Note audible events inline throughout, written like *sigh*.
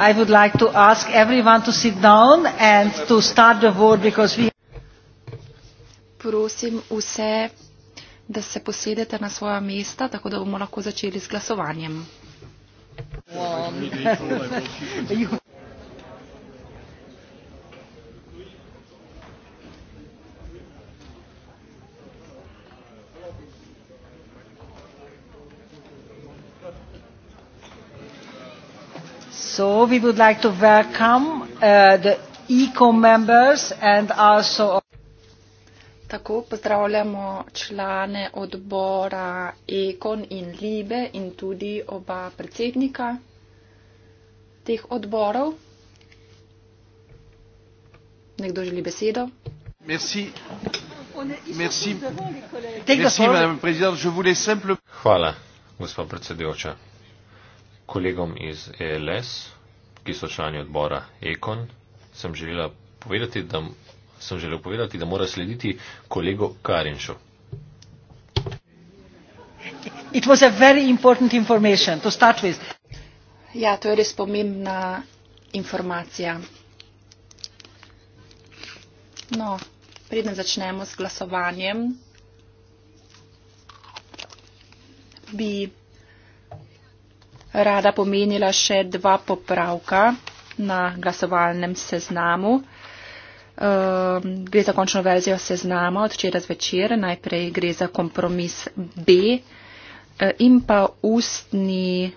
I would like to ask everyone to sit down and to start the vote because we Prosim vse, da se posedete na svoja mesta, tako da bomo lahko začeli z glasovanjem. Wow. *laughs* all, we would like to welcome uh, the ECO members and also. Tako pozdravljamo člane odbora Ekon in Libe in tudi oba predsednika teh odborov. Nekdo želi besedo? Merci. Merci. Merci, Merci, je... simple... Hvala, gospod predsedujoča. Kolegom iz ELS ki so člani odbora Ekon, sem želela povedati, da, sem želela povedati, da mora slediti kolego Karinšu. Ja, to je res pomembna informacija. No, preden začnemo s glasovanjem, bi rada pomenila še dva popravka na glasovalnem seznamu. Um, gre za končno verzijo seznama od včeraj zvečer, najprej gre za kompromis B e, in pa ustni,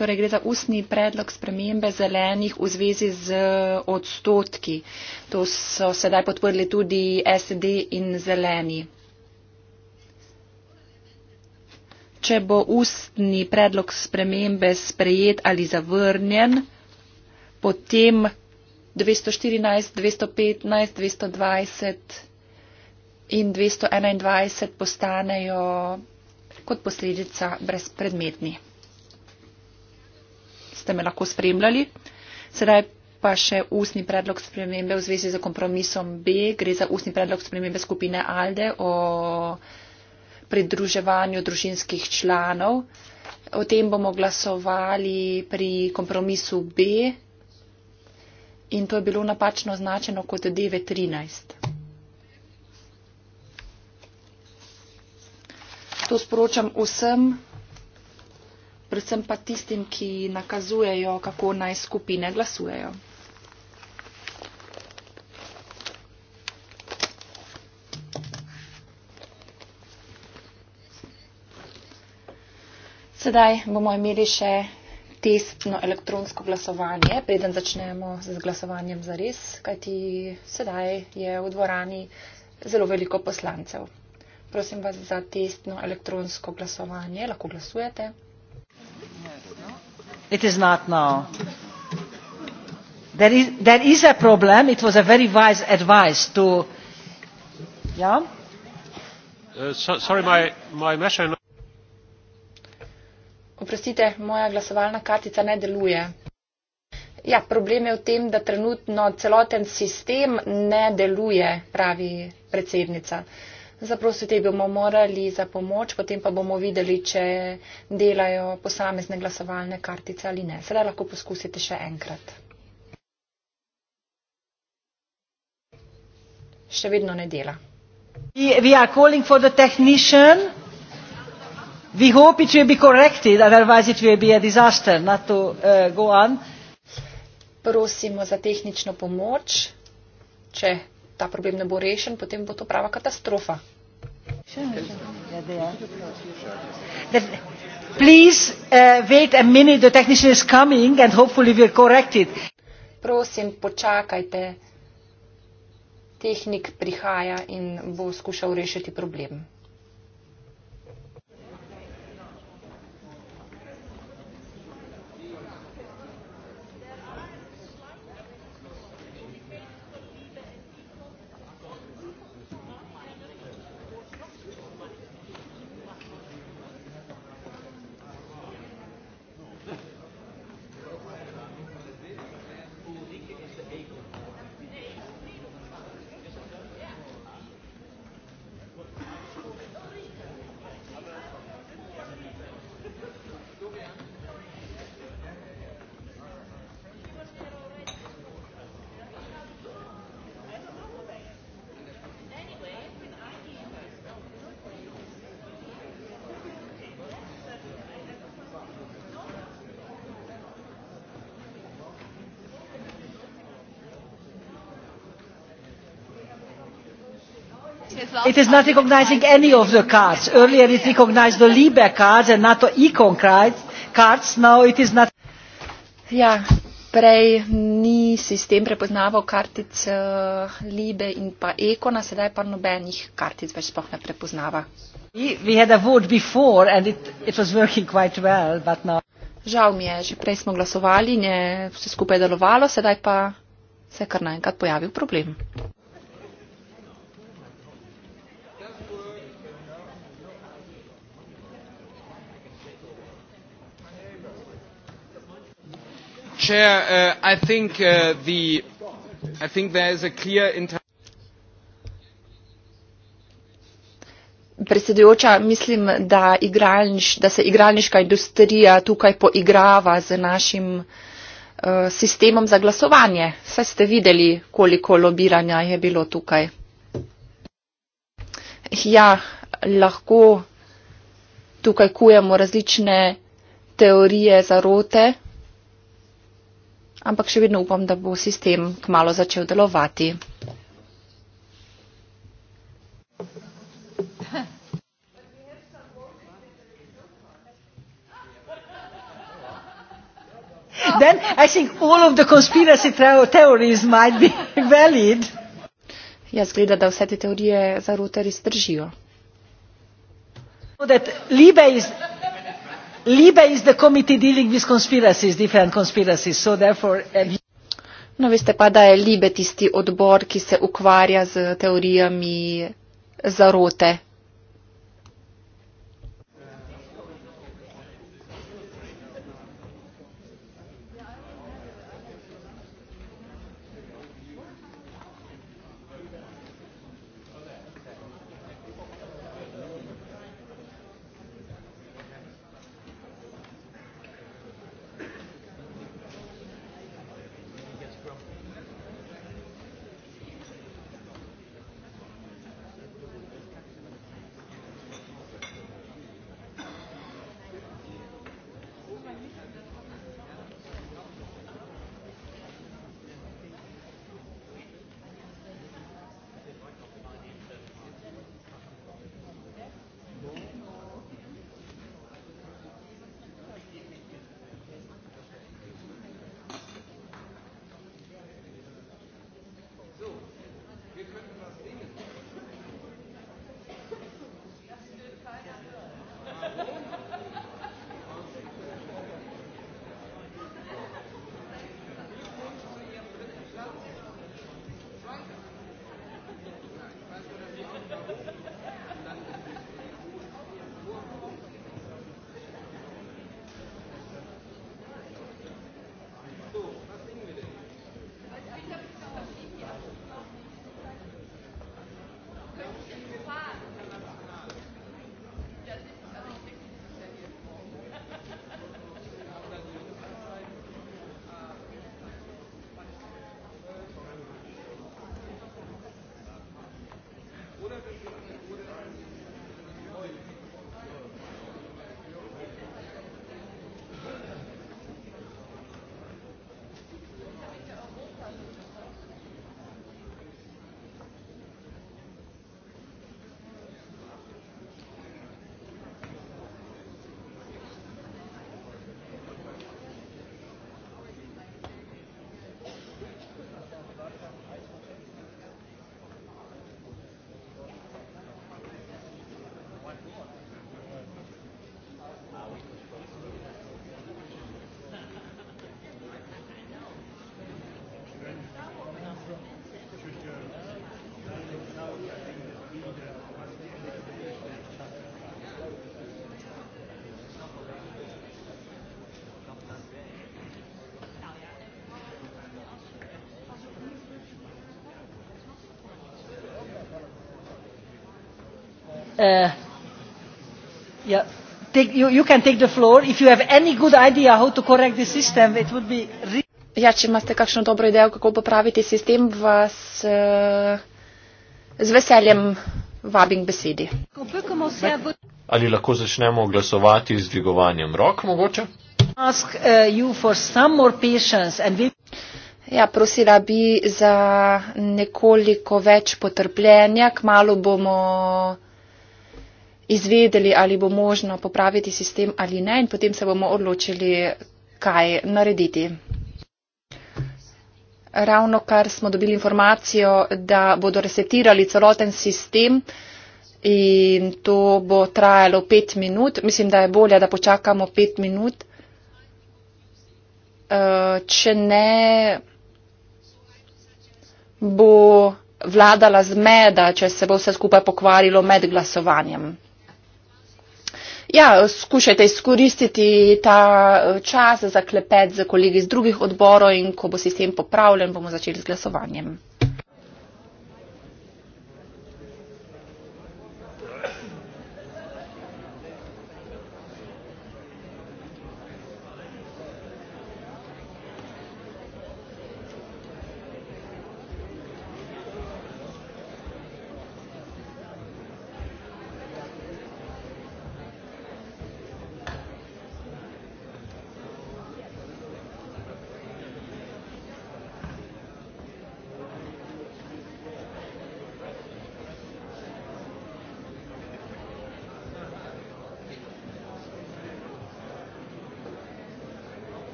torej gre za ustni predlog spremembe zelenih v zvezi z odstotki. To so sedaj podprli tudi SD in zeleni. če bo ustni predlog spremembe sprejet ali zavrnjen, potem 214, 215, 220 in 221 postanejo kot posledica brezpredmetni. Ste me lahko spremljali? Sedaj pa še ustni predlog spremembe v zvezi z kompromisom B. Gre za ustni predlog spremembe skupine ALDE o pridruževanju družinskih članov. O tem bomo glasovali pri kompromisu B in to je bilo napačno označeno kot 9.13. To sporočam vsem, predvsem pa tistim, ki nakazujejo, kako naj skupine glasujejo. sedaj bomo imeli še testno elektronsko glasovanje, preden začnemo z glasovanjem za res, kajti sedaj je v dvorani zelo veliko poslancev. Prosim vas za testno elektronsko glasovanje, lahko glasujete. It is not now. There is, there is a problem. It was a very wise advice to. Yeah? Uh, so, sorry, my, my machine. Oprostite, moja glasovalna kartica ne deluje. Ja, problem je v tem, da trenutno celoten sistem ne deluje, pravi predsednica. Zaprosite, bomo morali za pomoč, potem pa bomo videli, če delajo posamezne glasovalne kartice ali ne. Sedaj lahko poskusite še enkrat. Še vedno ne dela. We are calling for the technician we hope it will be corrected otherwise it will be a disaster not to uh, go on prosimo za tehnično pomoč če ta problem ne bo rešen potem bo to prava katastrofa uh, Prosim, počakajte. Tehnik prihaja in bo skušal rešiti problem. it is not recognizing any of the cards. Earlier it recognized the Libe cards and NATO icon cards. Now it is not. Ja, prej ni sistem prepoznaval kartic uh, eh, Libe in pa Ekona, sedaj pa nobenih kartic več sploh ne prepoznava. We had a vote before and it, it was working quite well, but now. Žal mi je, že prej smo glasovali in je vse skupaj delovalo, sedaj pa se je kar naenkrat pojavil problem. Chair, uh, I think uh, the I think there is a clear inter Predsedujoča, mislim, da, igralniš, da se igralniška industrija tukaj poigrava z našim uh, sistemom za glasovanje. Saj ste videli, koliko lobiranja je bilo tukaj. Ja, lahko tukaj kujemo različne teorije zarote ampak še vedno upam, da bo sistem kmalo začel delovati. Then I think all of the conspiracy theories might be *laughs* valid. Jaz gleda, da vse te teorije za ruteri zdržijo. That Libya is libe is the committee dealing with conspiracies different conspiracies so therefore uh, No, veste pa, da je Libe tisti odbor, ki se ukvarja z teorijami zarote. Uh, ja če imate kakšno dobro idejo kako popraviti sistem vas eh, z veseljem vabim k besedi. Ali lahko začnemo glasovati z dvigovanjem rok mogoče? Eh, ja, prosila bi za nekoliko več potrpljenja, kmalo bomo izvedeli, ali bo možno popraviti sistem ali ne in potem se bomo odločili, kaj narediti. Ravno kar smo dobili informacijo, da bodo resetirali celoten sistem in to bo trajalo pet minut. Mislim, da je bolje, da počakamo pet minut. Eh, če ne, bo vladala zmeda, če se bo vse skupaj pokvarilo med glasovanjem. Ja, skušajte izkoristiti ta eh, čas za klepet z kolegi iz drugih odborov in ko bo sistem popravljen, bomo začeli z glasovanjem.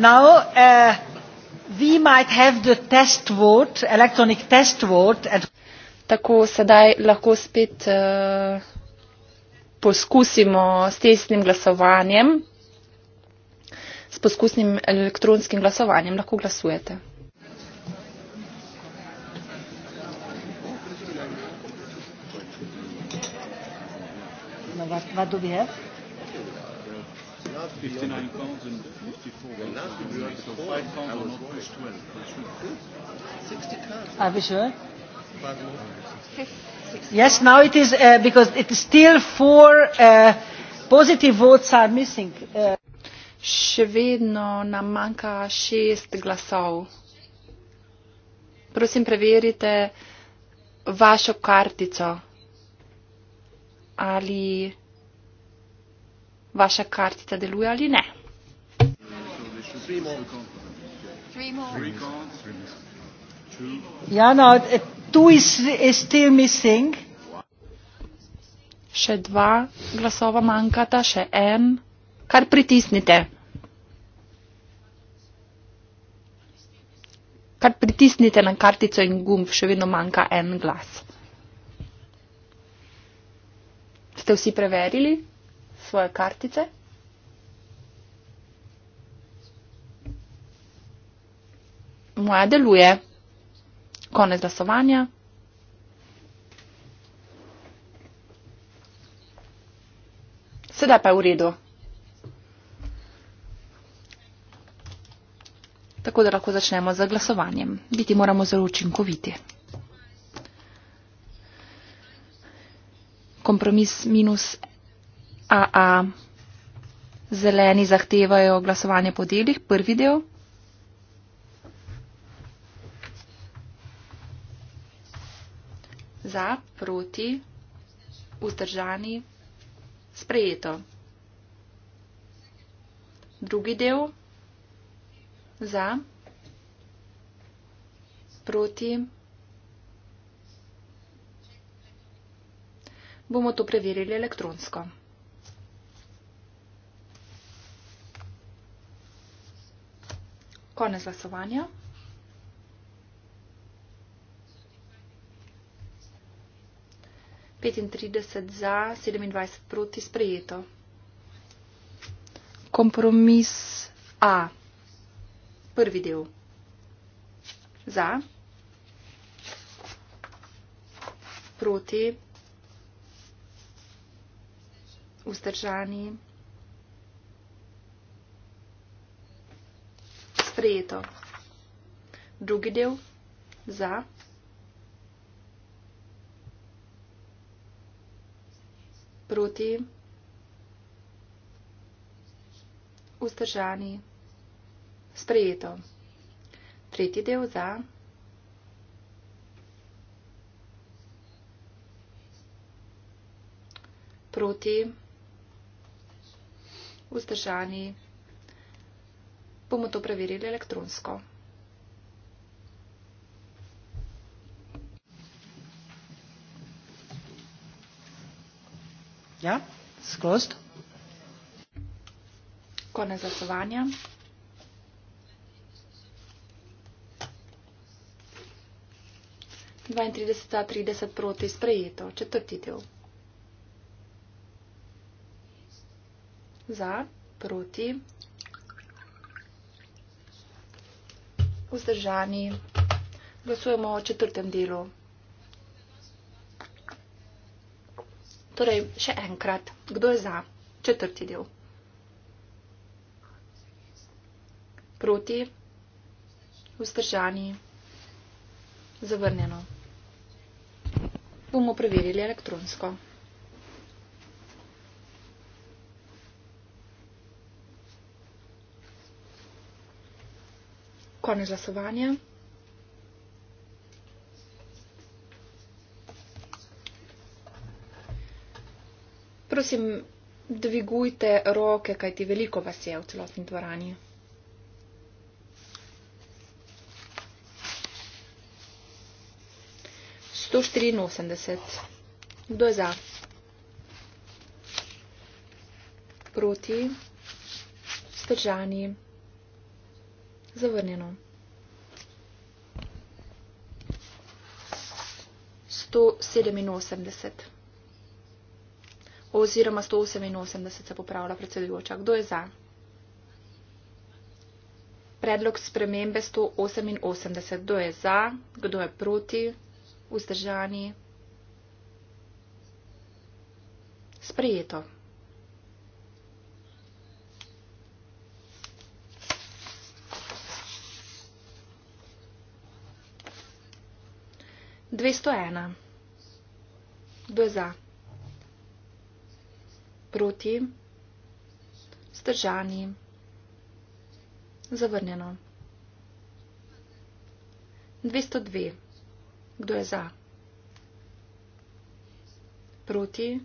Now, uh, we might have the test vote, electronic test vote. At Tako sedaj lahko spet uh, poskusimo s testnim glasovanjem, s poskusnim elektronskim glasovanjem. Lahko glasujete. Now, what, what do we have? 59 pounds and 54 grams. So 5 pounds on push 12. Are we sure? Yes, now it is, uh, because it is still four uh, positive votes are missing. Uh. Še vedno nam manjka šest glasov. Prosim, preverite vašo kartico. Ali vaša kartica deluje ali ne. Ja, no, še dva glasova manjkata, še en. Kar pritisnite. Kar pritisnite na kartico in gumb, še vedno manjka en glas. Ste vsi preverili? svoje kartice. Moja deluje. Konec glasovanja. Sedaj pa je v redu. Tako da lahko začnemo z glasovanjem. Biti moramo zelo učinkoviti. Kompromis minus AA. Zeleni zahtevajo glasovanje po delih, prvi del. Za, proti, vzdržani, sprejeto. Drugi del. Za, proti. Bomo to preverili elektronsko. Konec glasovanja. Petintrideset za, sedemindvajset proti, sprejeto. Kompromis A. Prvi del. Za. Proti. Vzdržani. sprejeto. Drugi del za. Proti. Vzdržani. Sprejeto. Tretji del za. Proti. Vzdržani bomo to preverili elektronsko. Ja, skost. Konec glasovanja. dvaintrideset trideset proti sprejeto četrti del za proti vzdržani. Glasujemo o četrtem delu. Torej, še enkrat, kdo je za četrti del? Proti, vzdržani, zavrnjeno. Bomo preverili elektronsko. Konec glasovanja. Prosim, dvigujte roke, kajti veliko vas je v celotni dvorani. Sto štiriinosemdeset. Kdo je za? Proti? Stržani? Zavrnjeno. 187. Oziroma 188 se popravlja predsedujoča. Kdo je za? Predlog spremembe 188. Kdo je za? Kdo je proti? Vzdržani? Sprejeto. 201. Kdo je za? Proti? Zdržani? Zavrnjeno. 202. Kdo je za? Proti?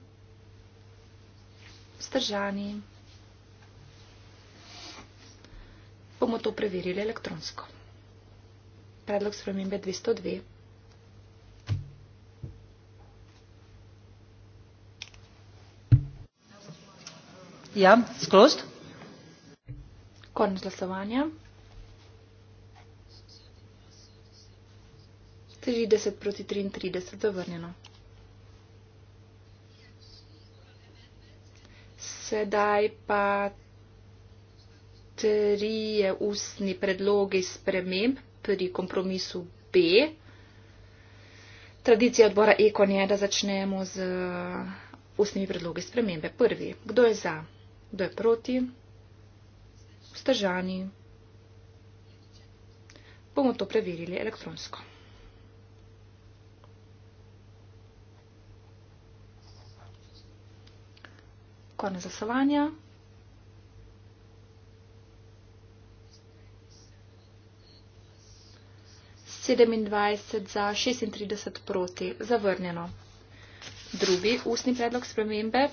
Zdržani? Bomo to preverili elektronsko. Predlog spremembe 202. Ja, skrost. Konec glasovanja. 30 proti 33 zavrnjeno. Sedaj pa trije ustni predlogi sprememb pri kompromisu B. Tradicija odbora Ekon je, da začnemo z ustnimi predlogi spremembe. Prvi, kdo je za? kdo je proti, vzdržani. Bomo to preverili elektronsko. Konec zasovanja. Sedemindvajset za, šestintrideset proti, zavrnjeno. Drugi ustni predlog spremembe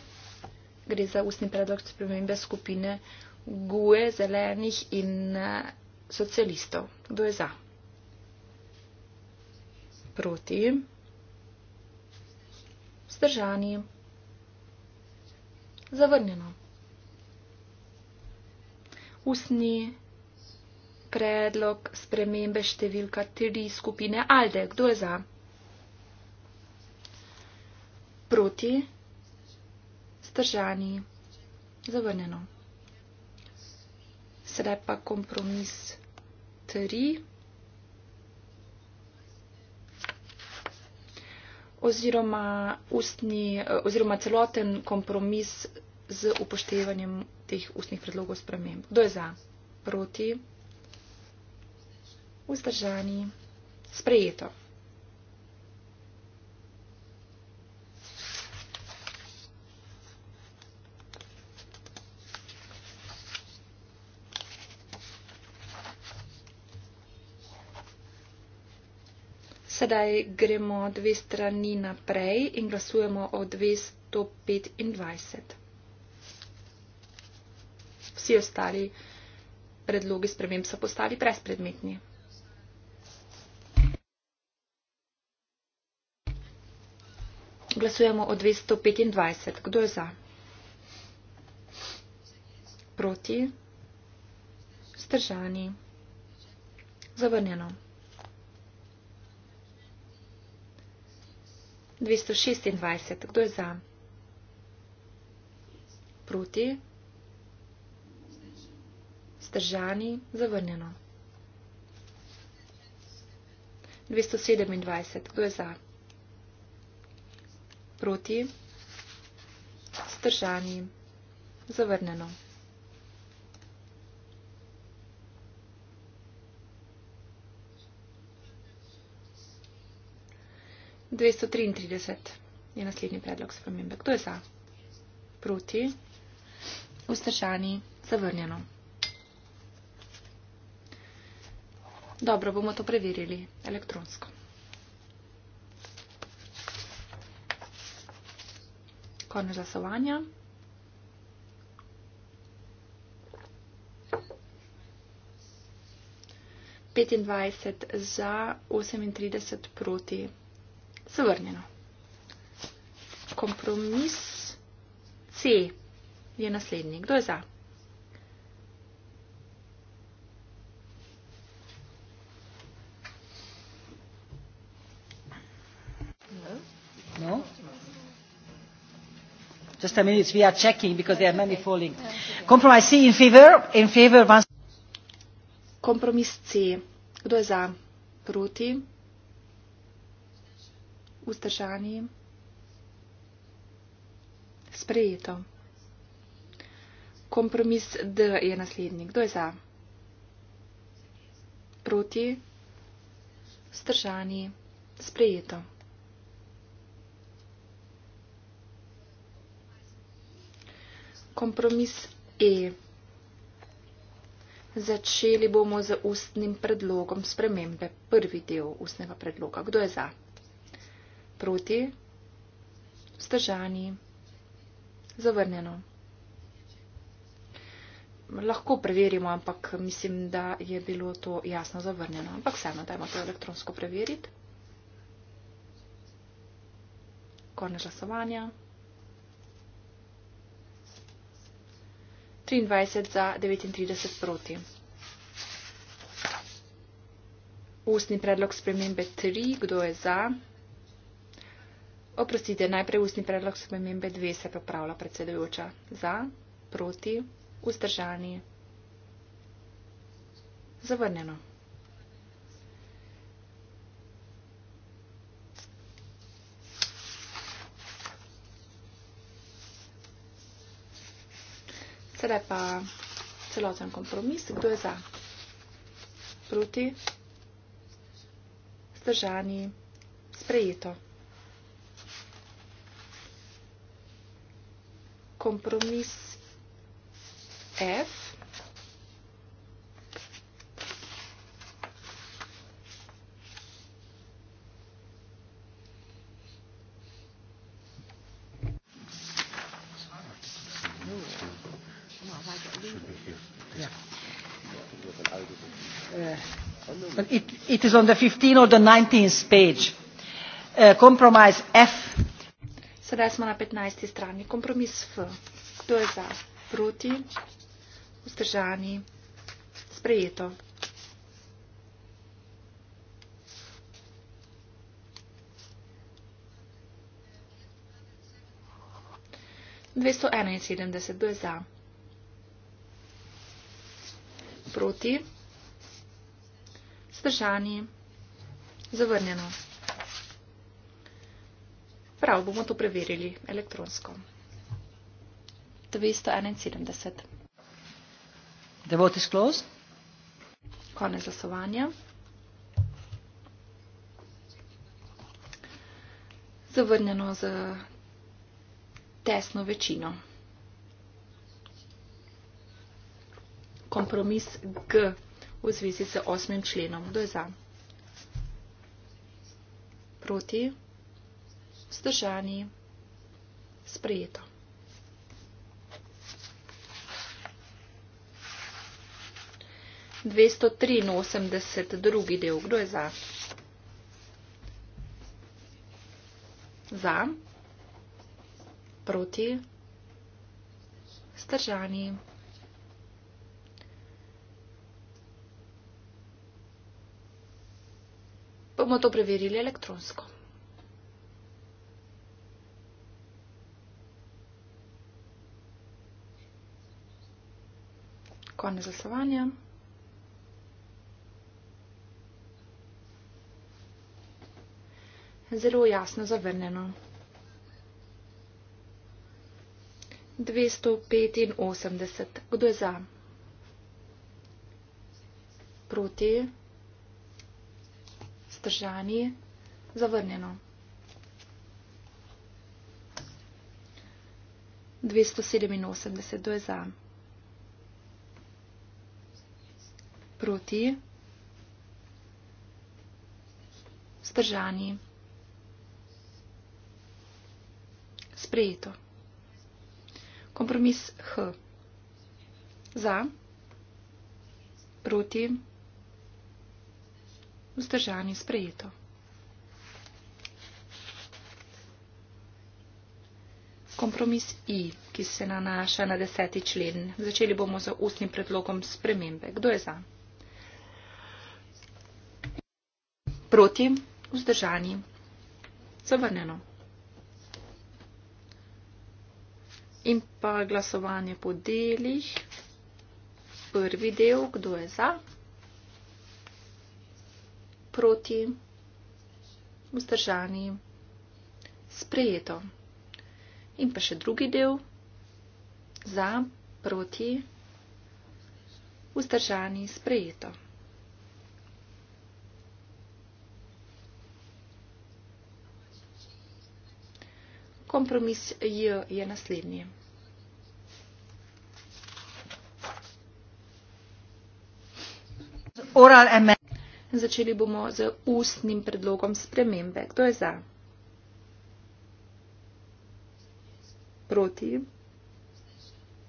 gre za ustni predlog spremembe skupine GUE, zelenih in eh, socialistov. Kdo je za? Proti. Zdržani. Zavrnjeno. Ustni predlog spremembe številka 3 skupine ALDE. Kdo je za? Proti vzdržani. Zavrnjeno. Sedaj pa kompromis 3. Oziroma, ustni, oziroma celoten kompromis z upoštevanjem teh ustnih predlogov sprememb. Kdo je za? Proti? Vzdržani? Sprejeto. Sedaj gremo dve strani naprej in glasujemo o 225. Vsi ostali predlogi sprememb so postali brezpredmetni. Glasujemo o 225. Kdo je za? Proti? Zdržani? Zavrnjeno? 226. Kdo je za? Proti? Zdržani? Zavrnjeno. 227. Kdo je za? Proti? Zdržani? Zavrnjeno. 228. 233 je naslednji predlog spremembe. Kdo je za? Proti? Vstržani? Zavrnjeno. Dobro, bomo to preverili elektronsko. Konec glasovanja. Petindvajset za, osemintrideset proti zavrnjeno. Kompromis C je naslednji. Kdo je za? No. Just a minute, we are checking because there are many falling. Compromise C in favor, in favor once. Kompromis C. Kdo je za? Proti? vzdržani, sprejeto. Kompromis D je naslednji. Kdo je za? Proti, vzdržani, sprejeto. Kompromis E. Začeli bomo z ustnim predlogom spremembe. Prvi del ustnega predloga. Kdo je za? proti, vzdržani, zavrnjeno. Lahko preverimo, ampak mislim, da je bilo to jasno zavrnjeno. Ampak vseeno, dajmo to elektronsko preveriti. Konec glasovanja. 23 za 39 proti. Ustni predlog spremembe 3. Kdo je za? Oprostite, najprej ustni predlog spremembe dve se popravlja predsedujoča. Za, proti, vzdržani. Zavrnjeno. Sedaj pa celoten kompromis. Kdo je za? Proti? Zdržani? Sprejeto. kompromis F It, it is on the 15th or the 19th page. Uh, compromise F. Sedaj smo na 15. strani. Kompromis F. Kdo je za? Proti, vzdržani, sprejeto. Dvesto enainsedemdeset, kdo je za? Proti, zdržani, zavrnjeno. Dvesto enainsedemdeset. Prav, bomo to preverili elektronsko. 271. The vote is closed. Konec glasovanja. Zavrnjeno z tesno večino. Kompromis G v zvezi z osmim členom. Kdo je za? Proti? vzdržani. Sprejeto. Dvesto tri in osemdeset drugi del. Kdo je za? Za. Proti. Stržani. Bomo to preverili elektronsko. konec glasovanja. Zelo jasno zavrnjeno. 285. Kdo je za? Proti? Stržani? Zavrnjeno. 287. Kdo je za? proti vzdržani. Sprejeto. Kompromis H. Za, proti, vzdržani, sprejeto. Kompromis I, ki se nanaša na deseti člen. Začeli bomo z ustnim predlogom spremembe. Kdo je za? Kdo je za? proti, vzdržani, zavrnjeno. In pa glasovanje po delih. Prvi del, kdo je za, proti, vzdržani, sprejeto. In pa še drugi del, za, proti, vzdržani, sprejeto. Kompromis J je naslednji. Začeli bomo z ustnim predlogom spremembe. Kdo je za? Proti?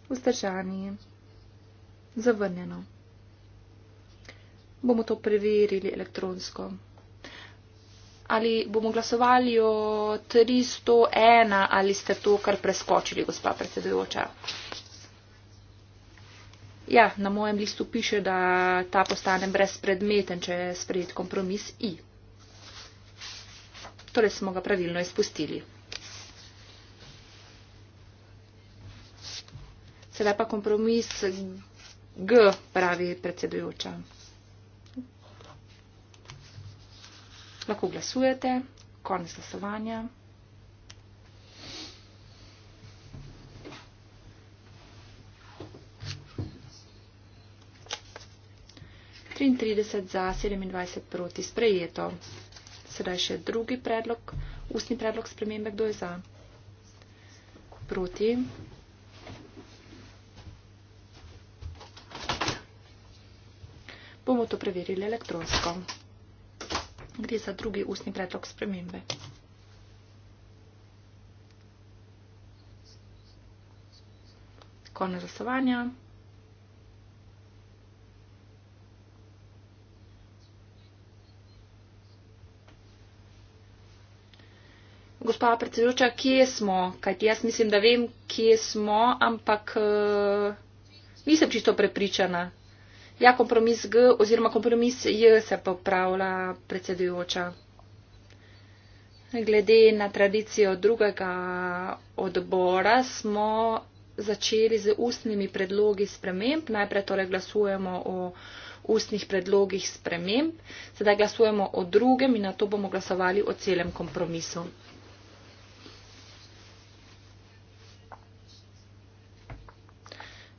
Vzdržani? Zavrnjeno? Bomo to preverili elektronsko ali bomo glasovali o 301 ali ste to kar preskočili, gospa predsedujoča. Ja, na mojem listu piše, da ta postane brezpredmeten, če je sprejet kompromis I. Torej smo ga pravilno izpustili. Sedaj pa kompromis G, pravi predsedujoča. Lahko glasujete. Konec glasovanja. za 27 proti sprejeto. Sedaj še drugi predlog, ustni predlog spremembe, kdo je za? Proti. Bomo to preverili elektronsko gre za drugi ustni predlog spremembe. Konec zasovanja. Gospa predsedujoča, kje smo? Kajti jaz mislim, da vem, kje smo, ampak uh, nisem čisto prepričana. Ja, kompromis G oziroma kompromis J se popravlja predsedujoča. Glede na tradicijo drugega odbora smo začeli z ustnimi predlogi sprememb. Najprej torej glasujemo o ustnih predlogih sprememb, sedaj glasujemo o drugem in na to bomo glasovali o celem kompromisu.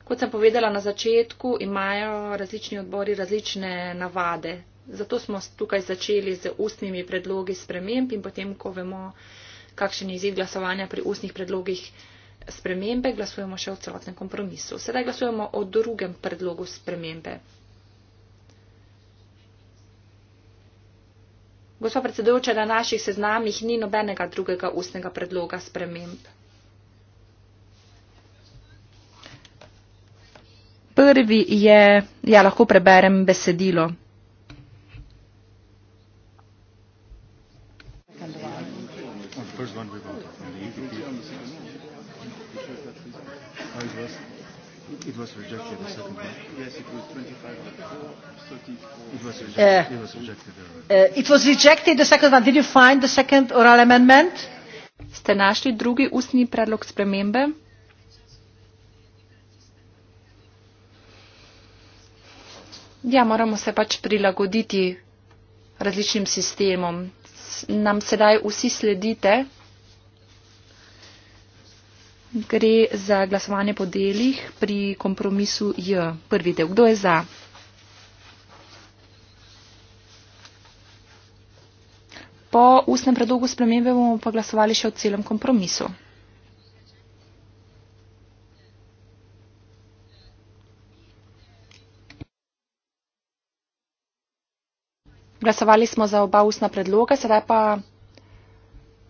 Kot sem povedala na začetku, imajo različni odbori različne navade. Zato smo tukaj začeli z ustnimi predlogi sprememb in potem, ko vemo, kakšen je izid glasovanja pri ustnih predlogih spremembe, glasujemo še o celotnem kompromisu. Sedaj glasujemo o drugem predlogu spremembe. Gospod predsedujoče, na naših seznamih ni nobenega drugega ustnega predloga sprememb. Prvi je, ja, lahko preberem besedilo. It was rejected, the second one. Did you find the second oral amendment? Ste našli drugi ustni predlog spremembe? Ja, moramo se pač prilagoditi različnim sistemom. Nam sedaj vsi sledite. Gre za glasovanje po delih pri kompromisu J. Prvi del. Kdo je za? Po ustnem predlogu spremembe bomo pa glasovali še o celem kompromisu. glasovali smo za oba ustna predloga, sedaj pa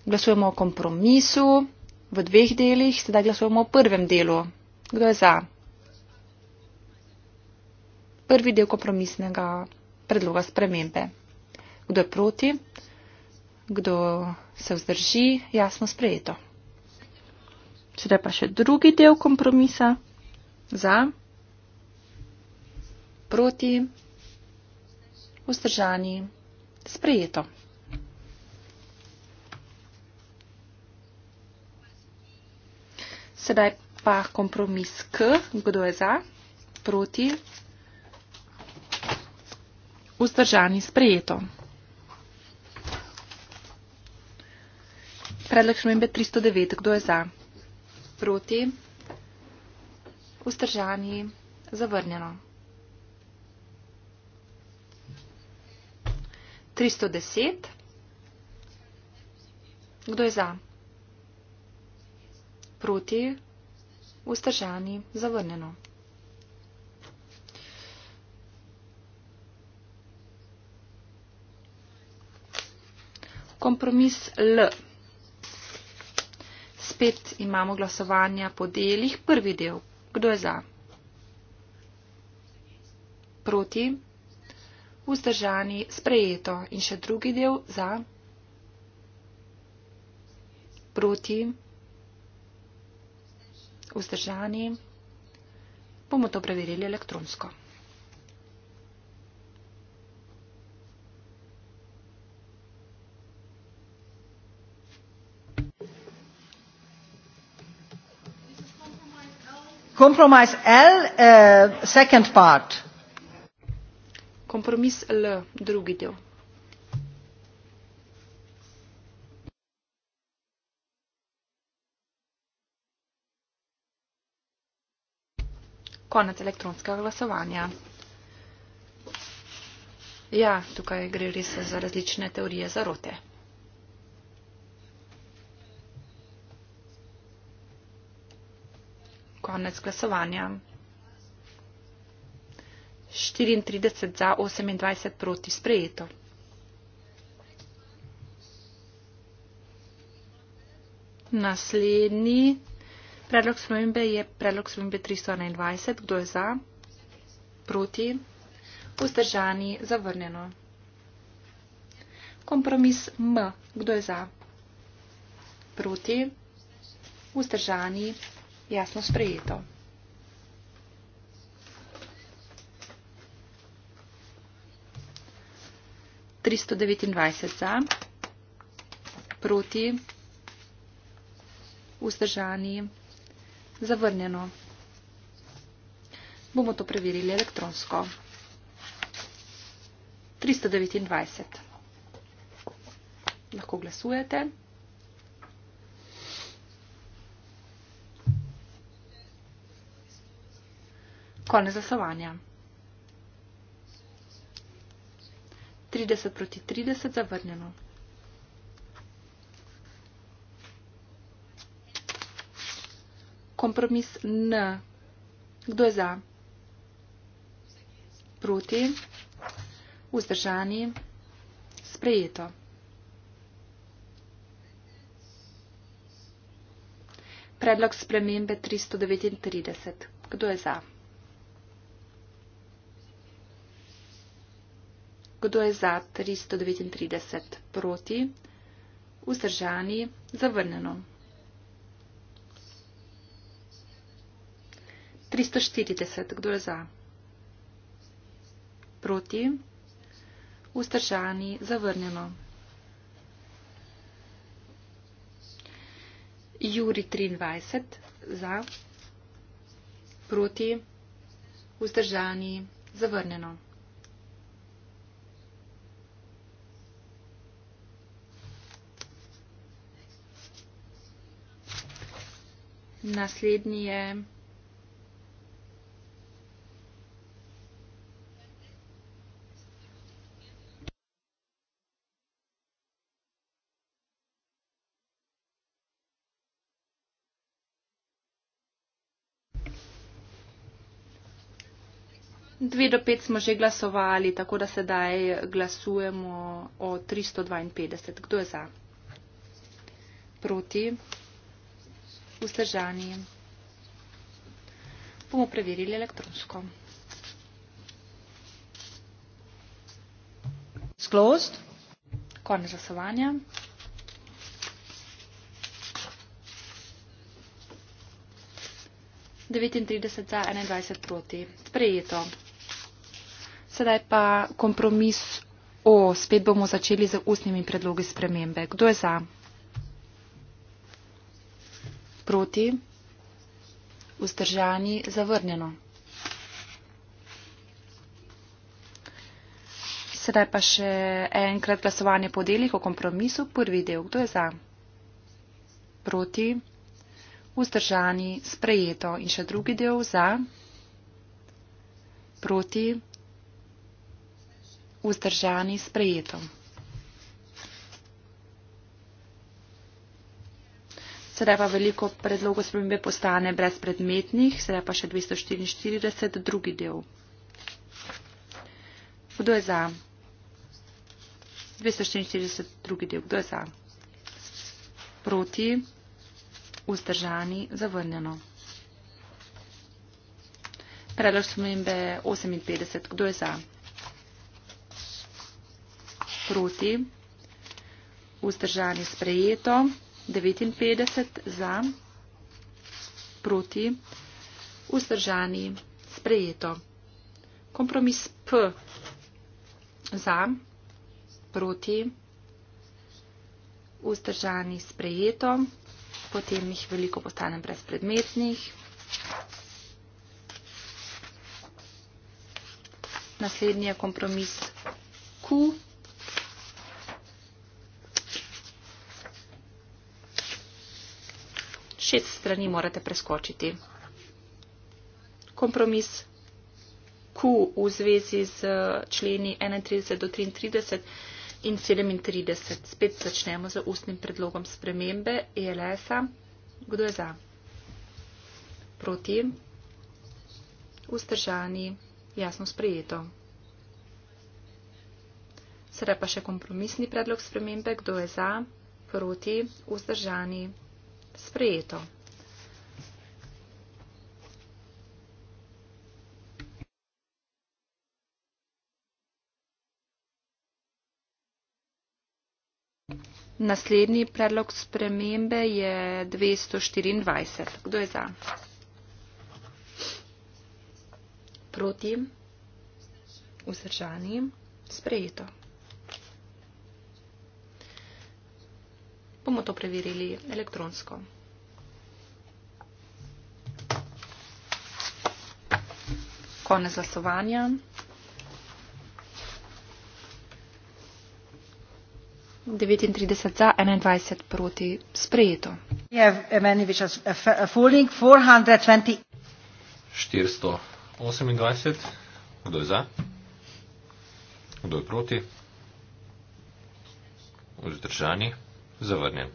glasujemo o kompromisu v dveh delih, sedaj glasujemo o prvem delu. Kdo je za? Prvi del kompromisnega predloga spremembe. Kdo je proti? Kdo se vzdrži? Jasno sprejeto. Sedaj pa še drugi del kompromisa. Za? Proti? vzdržani. Sprejeto. Sedaj pa kompromis K, kdo je za, proti, vzdržani, sprejeto. Predlog šmembe 309, kdo je za, proti, vzdržani, zavrnjeno. 310. Kdo je za? Proti? Ustržani? Zavrnjeno. Kompromis L. Spet imamo glasovanja po delih. Prvi del. Kdo je za? Proti? vzdržani, sprejeto in še drugi del za, proti, vzdržani. Bomo to preverili elektronsko. Compromise L, uh, second part. Kompromis L, drugi del. Konec elektronskega glasovanja. Ja, tukaj gre res za različne teorije zarote. Konec glasovanja. 34 za 28 proti sprejeto. Naslednji predlog spremembe je predlog spremembe 321. Kdo je za? Proti? Vzdržani? Zavrnjeno. Kompromis M. Kdo je za? Proti? Vzdržani? Jasno sprejeto. 329 za, proti, vzdržani, zavrnjeno. Bomo to preverili elektronsko. 329. Lahko glasujete. Konec zasovanja. 30 proti 30 zavrnjeno. Kompromis N. Kdo je za? Proti. Vzdržani. Sprejeto. Predlog spremembe 339. Kdo je za? Kdo je za 339 proti? Vzdržani zavrnjeno. 340. Kdo je za? Proti. Vzdržani zavrnjeno. Juri 23. Za. Proti. Vzdržani zavrnjeno. Naslednji je Dve do pet smo že glasovali, tako da sedaj glasujemo o 352. Kdo je za? Proti? vzdržani. Bomo preverili elektronsko. Sklost. Konec glasovanja. devetintrideset za enaindvajset proti sprejeto sedaj pa kompromis o spet bomo začeli z ustnimi predlogi spremembe kdo je za proti, vzdržani, zavrnjeno. Sedaj pa še enkrat glasovanje po delih o kompromisu. Prvi del, kdo je za? Proti, vzdržani, sprejeto. In še drugi del, za? Proti, vzdržani, sprejeto. sedaj pa veliko predlogov spremembe postane brezpredmetnih, sedaj pa še 244 drugi del. Kdo je za? 244 drugi del. Kdo je za? Proti, vzdržani, zavrnjeno. Predlog spremembe 58. Kdo je za? Proti, vzdržani, sprejeto. 59 za, proti, vzdržani, sprejeto. Kompromis P za, proti, vzdržani, sprejeto, potem jih veliko postane brez predmetnih. Naslednji je kompromis Q za, proti, vzdržani, sprejeto. šest strani morate preskočiti. Kompromis Q v zvezi z eh, členi 31 do 33 in 37. Spet začnemo z ustnim predlogom spremembe ELS-a. Kdo je za? Proti? Ustržani? Jasno sprejeto. Sedaj pa še kompromisni predlog spremembe. Kdo je za? Proti? Ustržani? Ustržani? sprejeto. Naslednji predlog spremembe je 224. Kdo je za? Proti? Vzdržani? Sprejeto. bomo to preverili elektronsko. Konec glasovanja. za, 21 proti sprejeto. 428. Kdo je za? Kdo je proti? Vzdržani? Zavrnjen.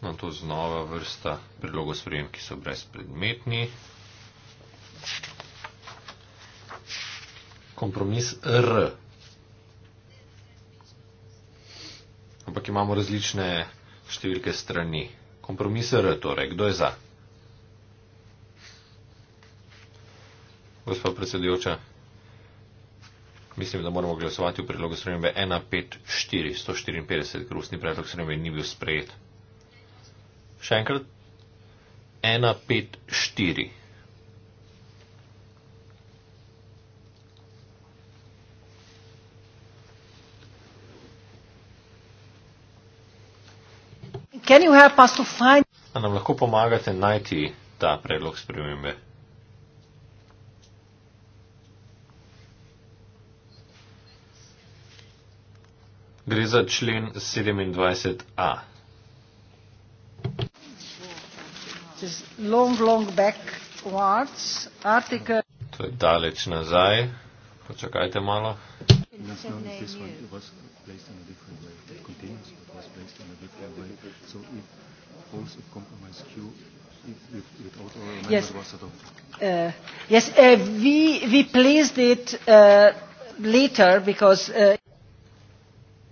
No, to znova vrsta predlogov sprejem, ki so brezpredmetni. Kompromis R. Ampak imamo različne številke strani. Kompromis R, torej, kdo je za? Gospod predsedujoča. Mislim, da moramo glasovati v prilogu sremenbe 154, 154, ker ustni predlog sremenbe ni bil sprejet. Še enkrat, 154. Ali nam lahko pomagate najti ta predlog spremembe? Gre za člen 27a. Long, long Article... To je daleč nazaj. Počakajte malo. Yes. Uh, yes, uh, we, we placed it uh, later because. Uh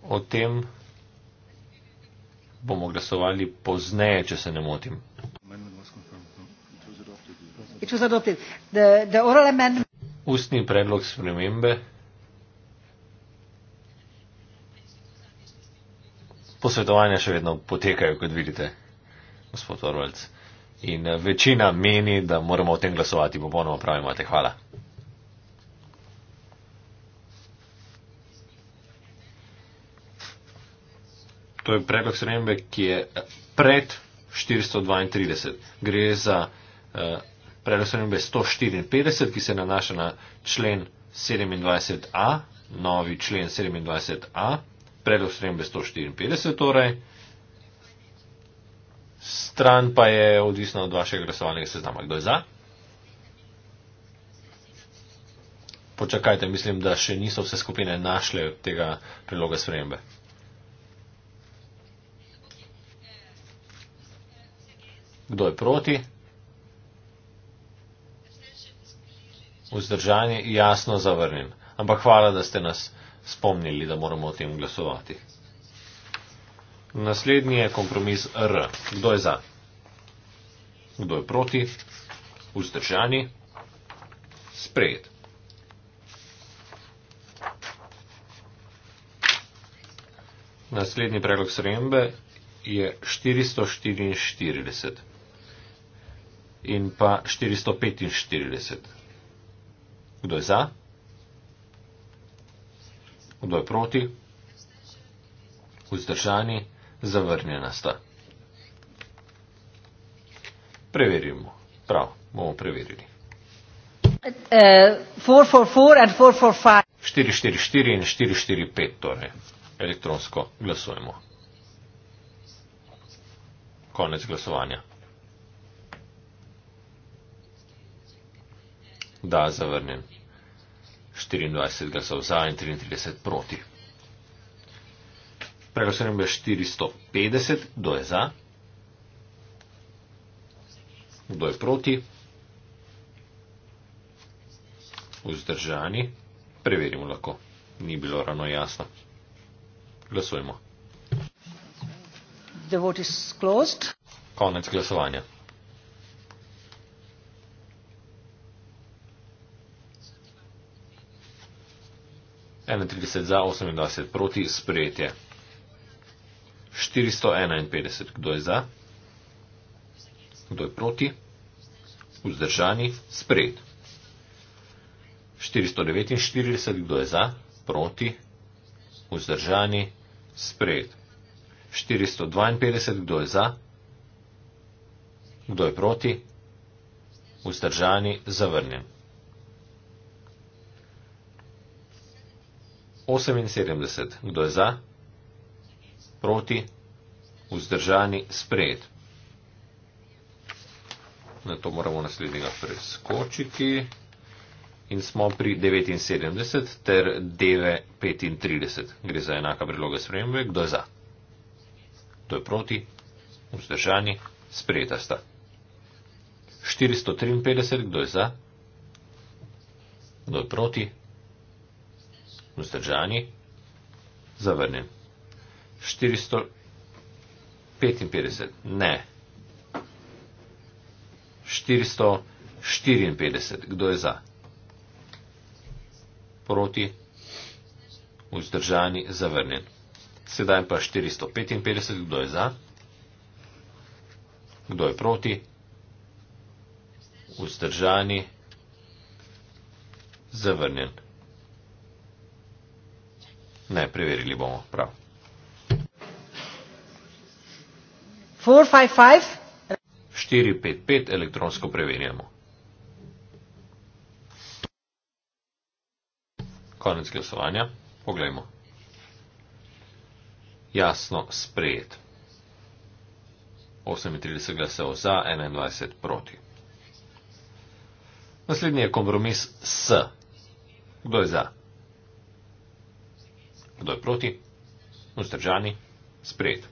o tem bomo glasovali pozneje, če se ne motim. Ustni predlog spremembe. Posvetovanja še vedno potekajo, kot vidite, gospod Orvalc. In eh, večina meni, da moramo o tem glasovati, popolnoma pravimo, da je hvala. To je predlog spremembe, ki je pred 432. Gre za eh, predlog spremembe 154, ki se nanaša na člen 27a, novi člen 27a, predlog spremembe 154 torej. Stran pa je odvisna od vašega glasovalnega seznama. Kdo je za? Počakajte, mislim, da še niso vse skupine našle tega priloga spremembe. Kdo je proti? Vzdržanje jasno zavrnjen. Ampak hvala, da ste nas spomnili, da moramo o tem glasovati. Naslednji je kompromis R. Kdo je za? Kdo je proti? Vzdržani? Sprejet. Naslednji predlog srembe je 444 in pa 445. Kdo je za? Kdo je proti? Vzdržani, zavrnjena sta. Preverimo. Prav, bomo preverili. 444 eh, in 445 torej. Elektronsko glasujemo. Konec glasovanja. da zavrnjen. 24 glasov za in 33 proti. Preglasujem je 450, kdo je za, kdo je proti, vzdržani, preverimo lahko, ni bilo ravno jasno. Glasujemo. Konec glasovanja. 31 za, 28 proti, sprejetje. 451, kdo je za, kdo je proti, vzdržani, sprejet. 449, kdo je za, proti, vzdržani, sprejet. 452, kdo je za, kdo je proti, vzdržani, zavrnjen. 78. Kdo je za? Proti? Vzdržani? Sprejet. Na to moramo naslednjega preskočiti. In smo pri 79 ter 935. Gre za enaka priloga spremembe. Kdo je za? Kdo je proti? Vzdržani? Sprejeta sta. 453. Kdo je za? Kdo je proti? vzdržani, zavrnjen. 455, ne. 454, kdo je za? Proti, vzdržani, zavrnjen. Sedaj pa 455, kdo je za? Kdo je proti? Vzdržani, zavrnjen. Ne, preverili bomo. Prav. 455 elektronsko preverjamo. Konec glasovanja. Poglejmo. Jasno sprejet. 38 glasov za, 21 proti. Naslednji je kompromis S. Kdo je za? Kdo je proti? Vzdržani? Sprejet.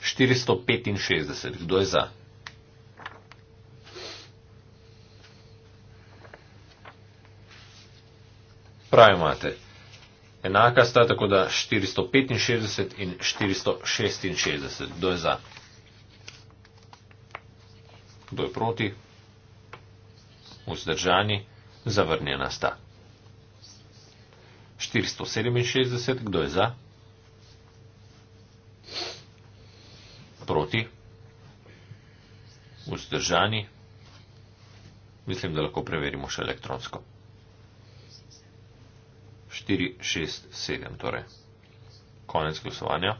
Štiristo petinšestdeset. Kdo je za? Pravi imate. Enaka sta tako, da 465 in 466. Kdo je za? Kdo je proti? vzdržani, zavrnjena sta. 467, kdo je za? Proti? Vzdržani? Mislim, da lahko preverimo še elektronsko. 467, torej. Konec glasovanja.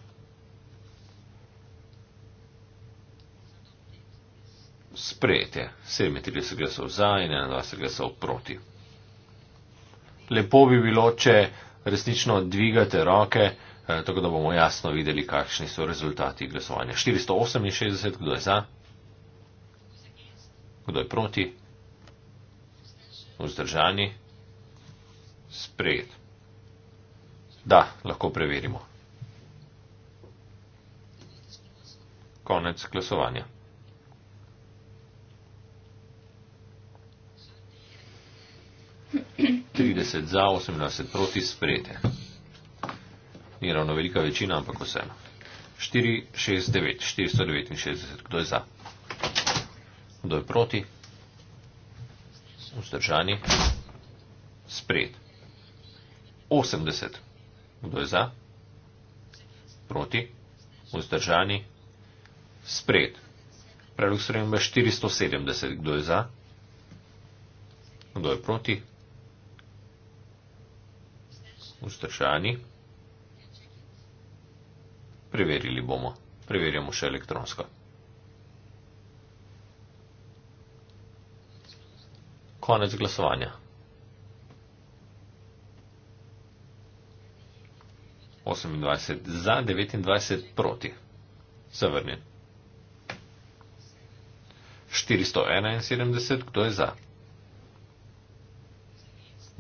sprejete. 37 glasov za in 21 glasov proti. Lepo bi bilo, če resnično dvigate roke, eh, tako da bomo jasno videli, kakšni so rezultati glasovanja. 468, kdo je za? Kdo je proti? Vzdržani? Sprejet. Da, lahko preverimo. Konec glasovanja. 30 za, 18 proti sprejete. Ni ravno velika večina, ampak vseeno. 4, 6, 9, 469, kdo je za? Kdo je proti? Vzdržani. Sprejet. 80, kdo je za? Proti? Vzdržani. Sprejet. Predlog sprememba 470, kdo je za? Kdo je proti? vzdržani. Preverili bomo. Preverjamo še elektronsko. Konec glasovanja. 28 za, 29 proti. Zavrnjen. 471, kdo je za?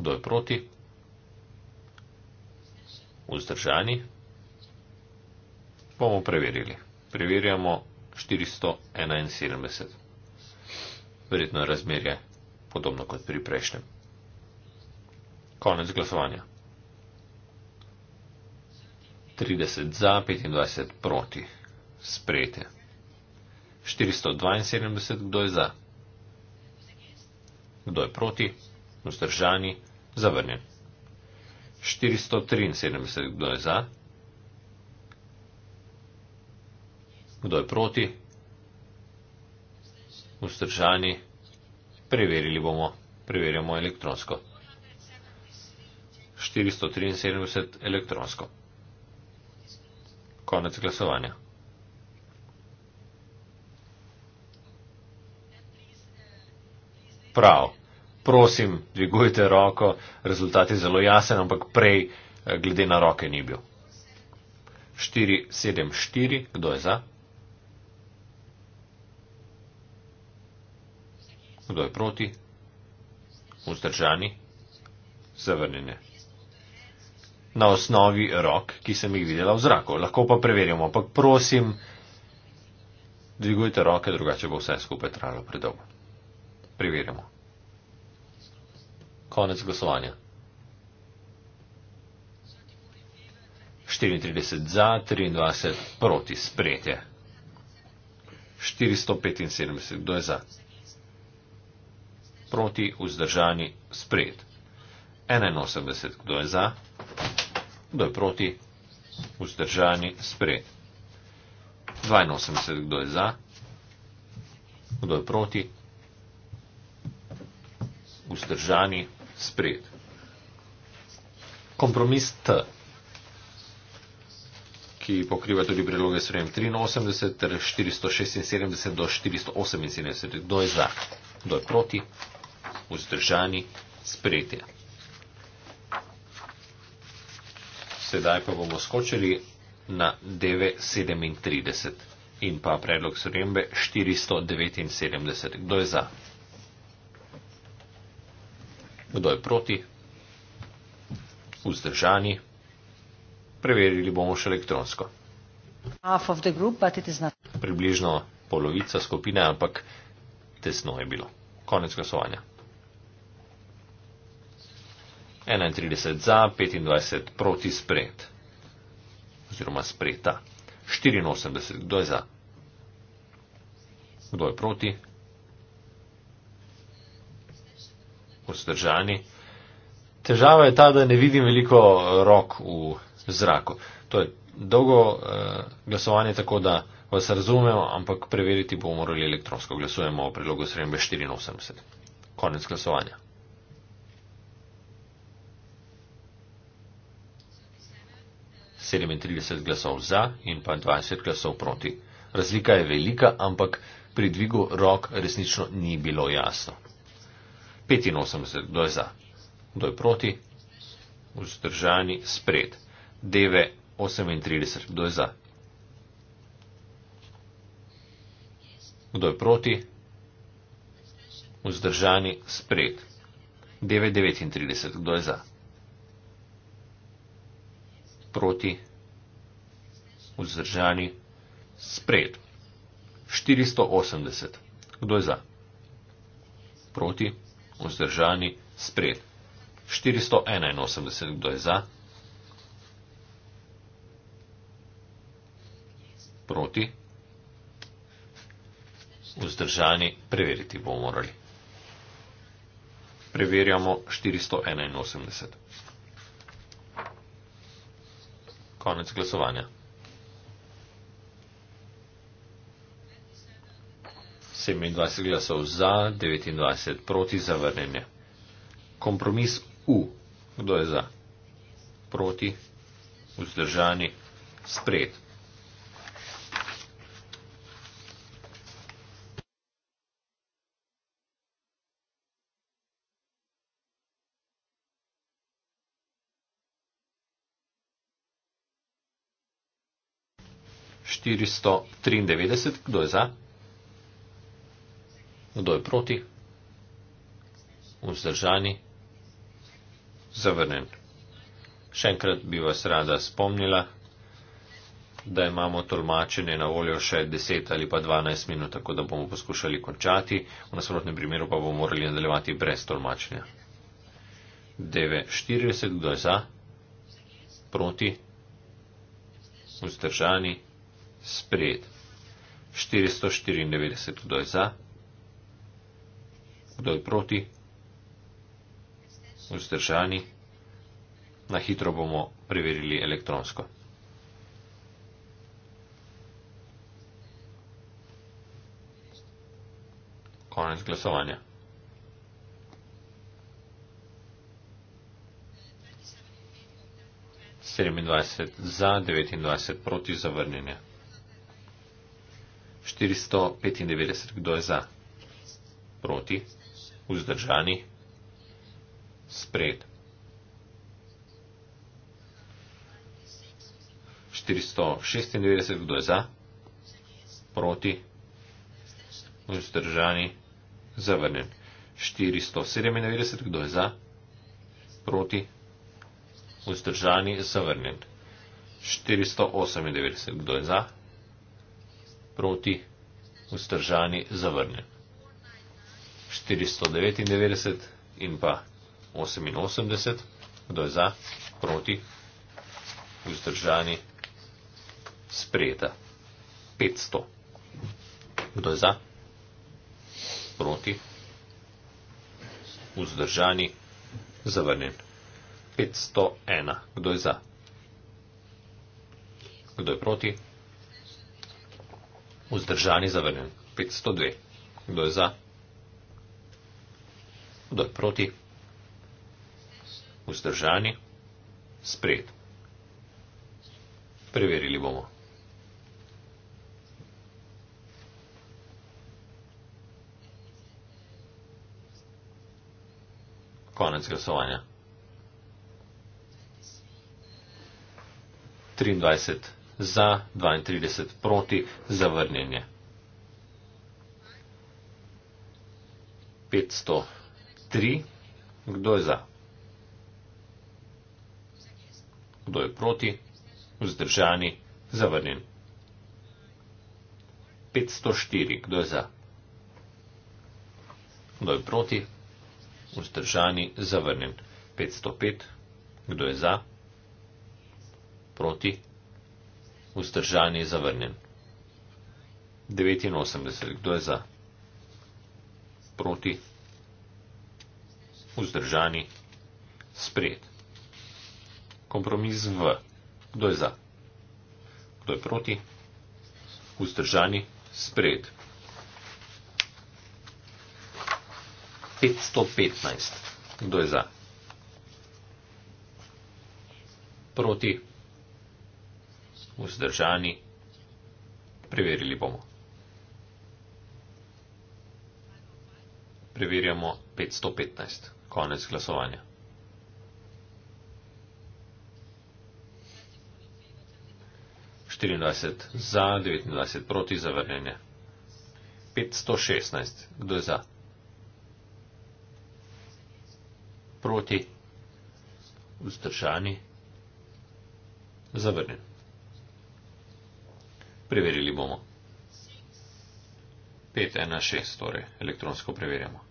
Kdo je proti? vzdržani? Bomo preverili. Preverjamo 471. Verjetno je razmerje podobno kot pri prejšnjem. Konec glasovanja. 30 za, 25 proti. Sprejete. 472, kdo je za? Kdo je proti? Vzdržani, zavrnjen. 473, kdo je za? Kdo je proti? Vstržani. Preverili bomo. Preverjamo elektronsko. 473 elektronsko. Konec glasovanja. Prav prosim, dvigujte roko, rezultat je zelo jasen, ampak prej eh, glede na roke ni bil. 4, 7, 4, kdo je za? Kdo je proti? Vzdržani? Zavrnjene. Na osnovi rok, ki sem jih videla v zraku. Lahko pa preverjamo, ampak prosim, dvigujte roke, drugače bo vse skupaj trajalo predolgo. Preverjamo konec glasovanja. 34 za, 23 proti, sprejete. 475, kdo je za? Proti, vzdržani, sprejet. 81, kdo je za? Kdo je proti? Vzdržani, sprejet. 82, kdo je za? Kdo je proti? Vzdržani, sprejet sprejet. Kompromis T, ki pokriva tudi predloge srednje 83 ter 476 do 478, kdo je za, kdo je proti, vzdržani, sprejetje. Sedaj pa bomo skočili na 937 in pa predlog srembe 479. Kdo je za? kdo je proti, vzdržani. Preverili bomo še elektronsko. Group, not... Približno polovica skupine, ampak tesno je bilo. Konec glasovanja. 31 za, 25 proti sprejet. Oziroma sprejeta. 84, kdo je za? Kdo je proti? vzdržani. Težava je ta, da ne vidim veliko rok v zraku. To je dolgo eh, glasovanje, tako da vas razumem, ampak preveriti bomo morali elektronsko. Glasujemo o predlogu SREMB 84. Konec glasovanja. Zapisane. 37 glasov za in pa 20 glasov proti. Razlika je velika, ampak pri dvigu rok resnično ni bilo jasno. 85, kdo je za, kdo je proti, vzdržani, spred, deve 38, kdo je za, kdo je proti, vzdržani, spred, deve 39, kdo je za, proti, vzdržani, spred, 480, kdo je za, proti, vzdržani, spred. 481, kdo je za? Proti? Vzdržani, preveriti bomo morali. Preverjamo 481. Konec glasovanja. 27 glasov za, 29 proti zavrnjenje. Kompromis U. Kdo je za? Proti. Vzdržani. Spred. Štiristo triindevetdeset, kdo je za? kdo je proti, vzdržani, zavrnen. Še enkrat bi vas rada spomnila, da imamo tolmačenje na voljo še 10 ali pa 12 minut, tako da bomo poskušali končati, v nasprotnem primeru pa bomo morali nadaljevati brez tolmačenja. 940, kdo je za, proti, vzdržani, sprejet. 494, kdo je za kdo je proti, vzdržani. Na hitro bomo preverili elektronsko. Konec glasovanja. Sedemindvajset za, devetindvajset proti zavrnjenje. Štiristo petindevetdeset kdo je za? Proti vzdržani, spred. 496, kdo je za, proti, vzdržani, zavrnjen. 497, kdo je za, proti, vzdržani, zavrnjen. 498, kdo je za, proti, vzdržani, zavrnjen. 499 in pa 88. Kdo je za, proti, vzdržani, sprejeta. 500. Kdo je za, proti, vzdržani, zavrnjen. 501. Kdo je za? Kdo je proti? Vzdržani, zavrnjen. 502. Kdo je za? Kdo je proti? Vzdržani? Sprejet. Preverili bomo. Konec glasovanja. 23 za, 32 proti, zavrnjenje. 500. 3. Kdo je za? Kdo je proti? Vzdržani? Zavrnjen. 504. Kdo je za? Kdo je proti? Vzdržani? Zavrnjen. 505. Kdo je za? Proti? Vzdržani? Zavrnjen. 89. Kdo je za? Proti? vzdržani, sprejet. Kompromis v. Kdo je za? Kdo je proti? Vzdržani, sprejet. 515. Kdo je za? Proti. Vzdržani. Preverili bomo. Preverjamo 515. Konec glasovanja. Štirindvajset za, devetindvajset proti, zavrnjenje. Petsto šestnajst. Kdo je za? Proti. Vzdržani. Zavrnjen. Preverili bomo. Pet, ena, šest, torej elektronsko preverjamo.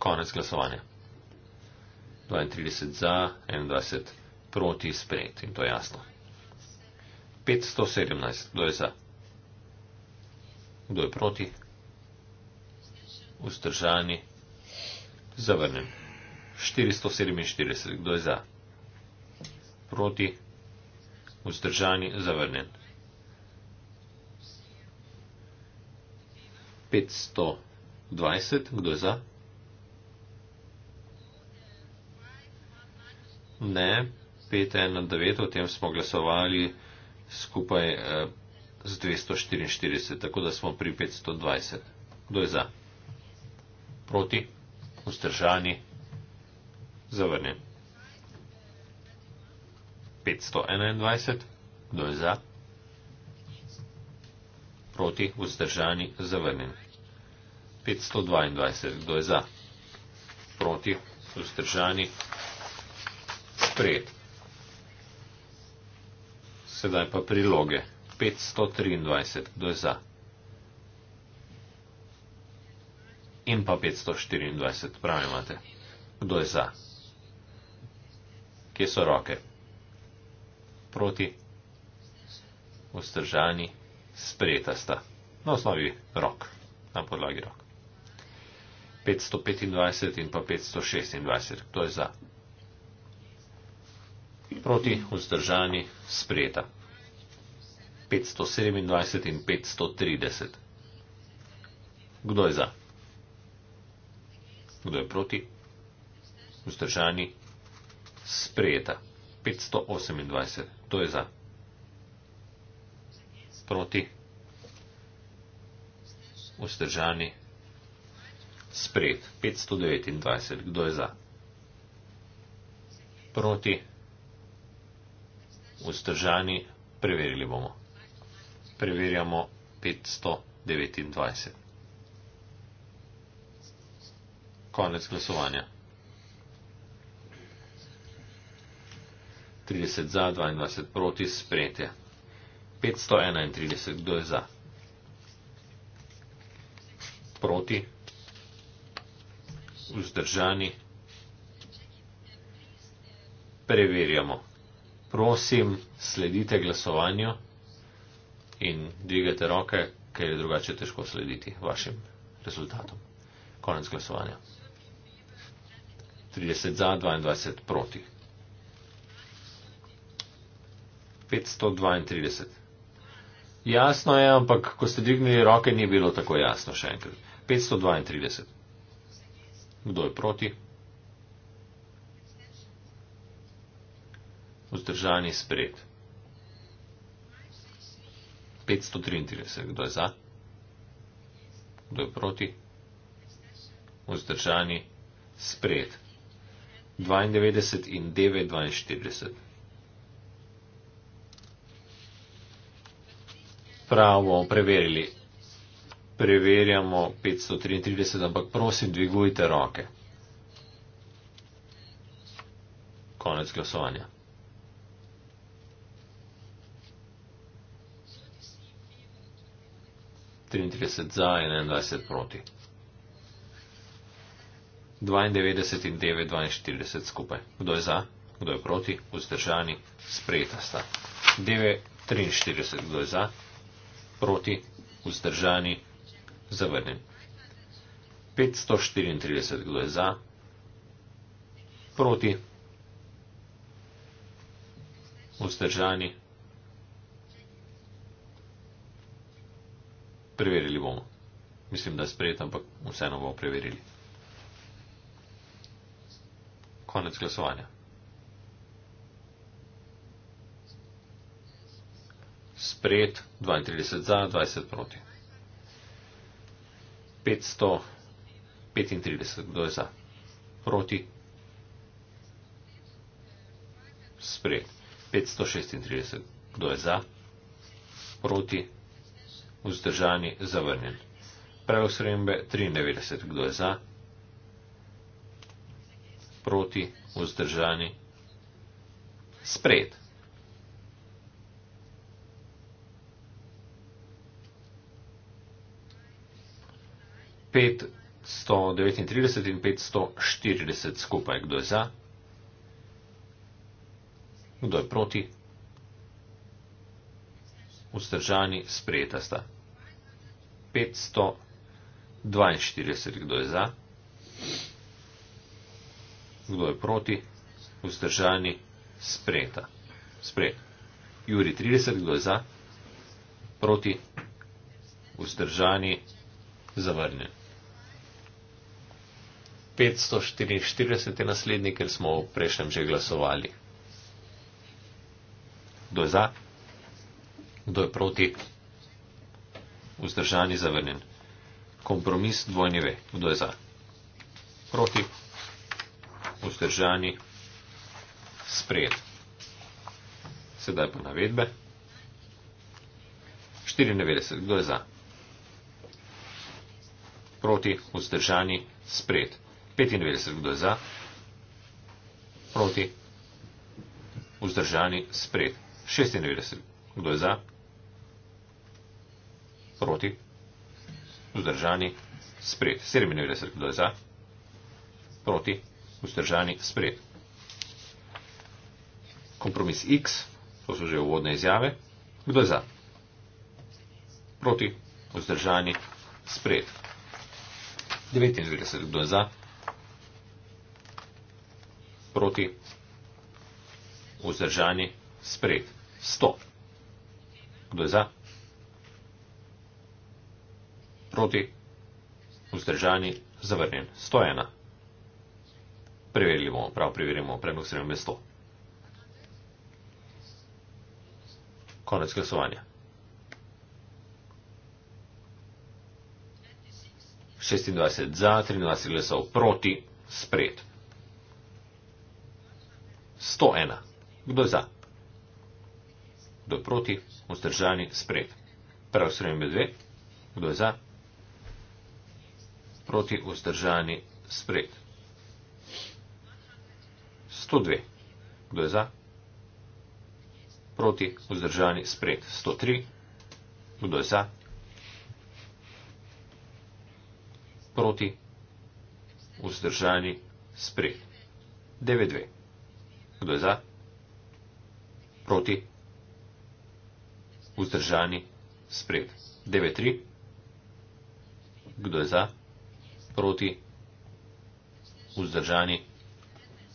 Konec glasovanja. 32 za, 21 proti, sprejet in to je jasno. 517, kdo je za? Kdo je proti? Vzdržani. Zavrnem. 447, kdo je za? Proti. Vzdržani. Zavrnem. 520, kdo je za? Ne, 5.1.9, o tem smo glasovali skupaj eh, z 244, tako da smo pri 520. Kdo je za? Proti? Ustržani? Zavrnjen. 521. Kdo je za? Proti? Ustržani? Zavrnjen. 522. Kdo je za? Proti? Ustržani? sprejet. Sedaj pa priloge. 523, kdo je za? In pa 524, pravi imate. Kdo je za? Kje so roke? Proti? Ustržani? Sprejeta sta. Na osnovi rok. Na podlagi rok. 525 in pa 526, kdo je za? proti vzdržani sprejeta. 527 in 530. Kdo je za? Kdo je proti? Vzdržani sprejeta. 528. Kdo je za? Proti? Vzdržani sprejet. 529. Kdo je za? Proti? vzdržani, preverili bomo. Preverjamo 529. Konec glasovanja. 30 za, 22 proti, sprejete. 531, kdo je za? Proti, vzdržani, preverjamo prosim, sledite glasovanju in dvigajte roke, ker je drugače težko slediti vašim rezultatom. Konec glasovanja. 30 za, 22 proti. 532. Jasno je, ampak ko ste dvignili roke, ni bilo tako jasno še enkrat. 532. Kdo je proti? vzdržani spred. 533, kdo je za, kdo je proti, vzdržani spred. 92 in 9, 42. Pravo, preverili. Preverjamo 533, ampak prosim, dvigujte roke. Konec glasovanja. 33 za in 21 proti. 92 in 9, 42 skupaj. Kdo je za, kdo je proti, vzdržani, sprejeta sta. 9, 43, kdo je za, proti, vzdržani, zavrnjen. 534, kdo je za, proti, vzdržani, zavrnjen. Preverili bomo. Mislim, da je sprejet, ampak vseeno bomo preverili. Konec glasovanja. Sprejet 32 za, 20 proti. 535, kdo je za? Proti. Sprejet. 536, kdo je za? Proti vzdržani, zavrnjen. Prav srembe 93, kdo je za, proti, vzdržani, spred. Pet 139 in 540 skupaj, kdo je za, kdo je proti, vzdržani sprejeta sta. 542, kdo je za, kdo je proti, vzdržani sprejeta. Sprejet. Juri 30, kdo je za, proti, vzdržani zavrnjen. 544 je naslednji, ker smo v prejšnjem že glasovali. Do za. Kdo je proti? Vzdržani, zavrnjen. Kompromis dvojni ve. Kdo je za? Proti? Vzdržani, sprejet. Sedaj pa navedbe. 94. Kdo je za? Proti, vzdržani, sprejet. 95. Kdo je za? Proti, vzdržani, sprejet. 96. Kdo je za? proti, vzdržani, spred, 97 glasov za, proti, vzdržani, spred. Kompromis X, to so že uvodne izjave, kdo je za, proti, vzdržani, spred. 99 glasov za, proti, vzdržani, spred. 100. Kdo je za? proti, vzdržani, zavrnjen, 101. Preverimo, prav preverimo predlog srednjo mesto. Konec glasovanja. 26 za, 23 glasov proti, spred. 101. Kdo za? Kdo proti? Vzdržani, spred. Prav srednjo med dve. Kdo za? proti vzdržani spred. 102. Kdo je za? Proti vzdržani spred. 103. Kdo je za? Proti vzdržani spred. 92. Kdo je za? Proti vzdržani spred. 93. Kdo je za? Proti vzdržani spred proti, vzdržani,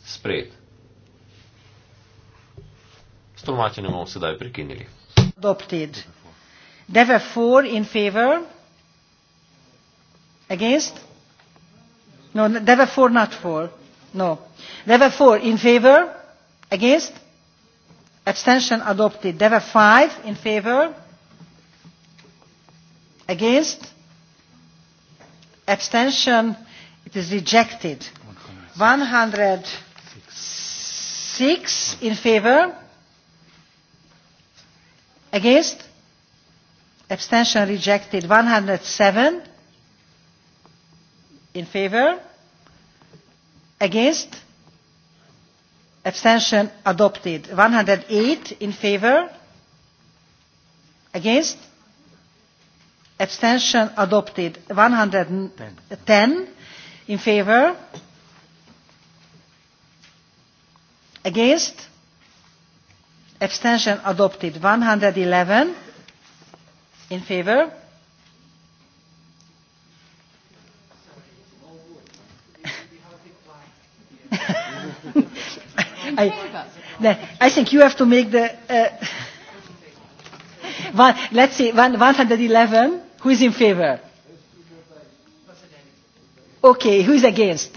sprejet. S to matjo bomo sedaj prekinili. Adopted. There were four in favor. Against? No, there were four, not four. No. There were four in favor. Against? Abstention adopted. There were five in favor. Against? abstention it is rejected 106 in favor against abstention rejected 107 in favor against abstention adopted 108 in favor against abstention adopted one hundred ten in favor against abstention adopted one hundred eleven in favor *laughs* I, the, I think you have to make the uh, *laughs* one, let's see one, 111 Who is in favor? Okay, who is against?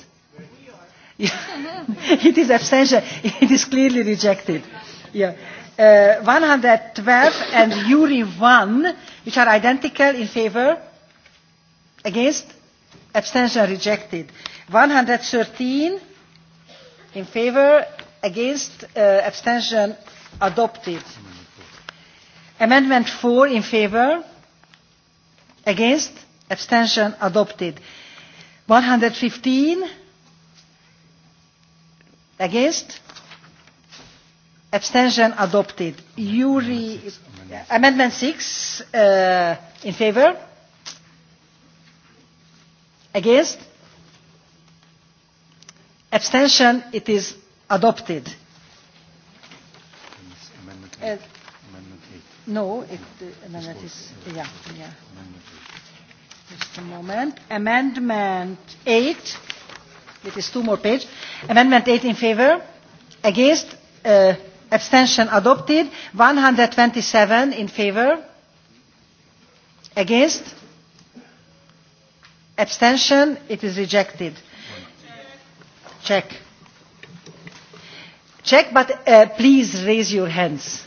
*laughs* it is abstention. It is clearly rejected. Yeah. Uh, 112 and URI 1, which are identical, in favor? Against? Abstention rejected. 113 in favor, against, uh, abstention adopted. Amendment 4 in favor against abstention adopted one hundred fifteen against abstention adopted URI amendment six uh, in favor against abstention it is adopted uh, No, it, the amendment is, yeah, yeah. Just a moment. Amendment 8, it is two more pages. Amendment 8 in favor, against, uh, abstention adopted, 127 in favor, against, abstention, it is rejected. Check. Check, but uh, please raise your hands.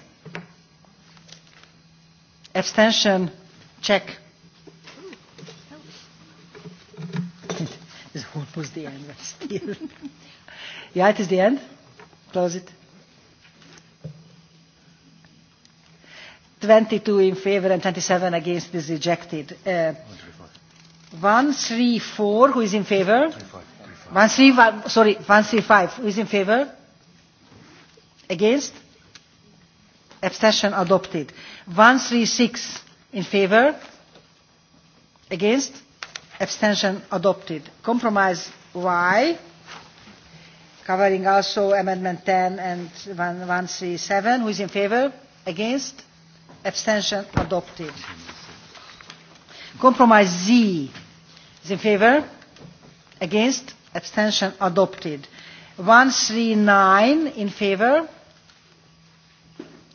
abstention check *laughs* is almost the end still. *laughs* yeah it is the end close it 22 in favor and 27 against is ejected uh, 134 who is in favor 135 sorry 135 who is in favor against abstention adopted one three six in favor against abstention adopted compromise y covering also amendment 10 and 137 who is in favor against abstention adopted compromise z is in favor against abstention adopted 139 in favor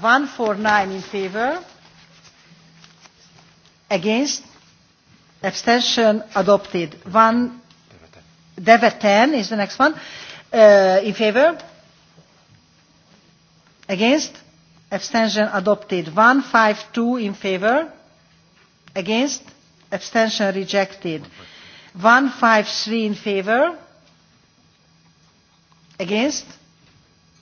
149 in favor against abstention adopted 110 is the next one uh, in favor against abstention adopted 152 in favor against abstention rejected 153 in favor against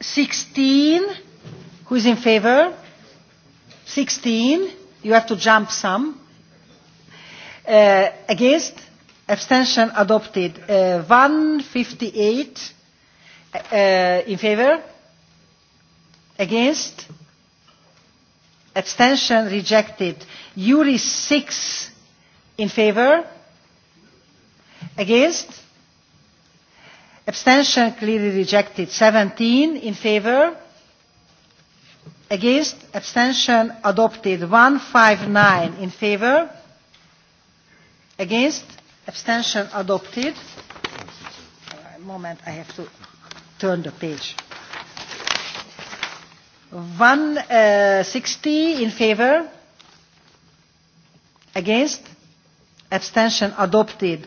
sixteen who is in favor sixteen you have to jump some uh, against abstention adopted uh, one fifty eight uh, in favor against abstention rejected Yuri six in favor against abstention clearly rejected seventeen in favour against abstention adopted one five nine in favour against abstention adopted a moment I have to turn the page one uh, sixty in favour against abstention adopted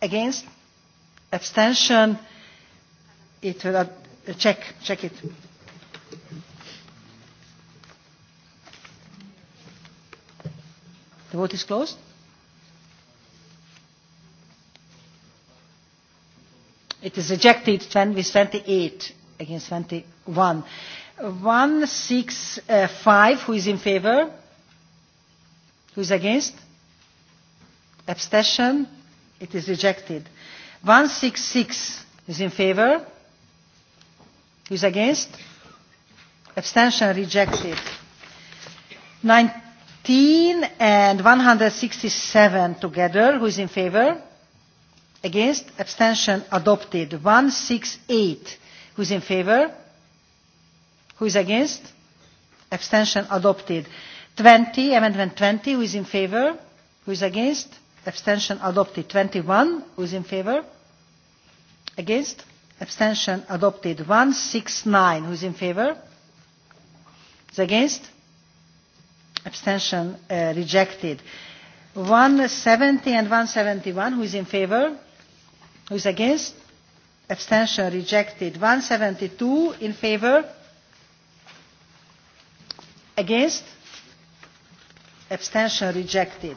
against abstention it will uh, check check it the vote is closed it is rejected 10 with 28 against 21 one six uh, five who is in favor who is against abstention it is rejected. one six six is in favour. is against? abstention rejected. nineteen and one hundred sixty seven together. who is in favour? against? abstention adopted. one six eight. who is in favour? who is against? abstention adopted. twenty amendment twenty. who is in favour? who is against? abstention adopted twenty one who's in favor against abstention adopted one six nine who's in favor against abstention uh, rejected one seventy and one seventy one who's in favor who's against abstention rejected one seventy two in favor against abstention rejected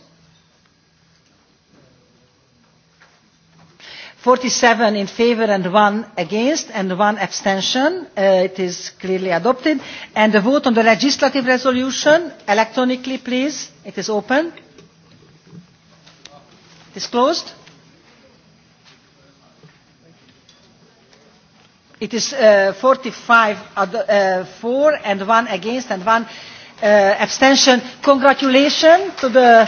forty seven in favour and one against and one abstention uh, it is clearly adopted and a vote on the legislative resolution electronically please it is open it is closed it is uh, forty five uh, four and one against and one uh, abstention congratulations to the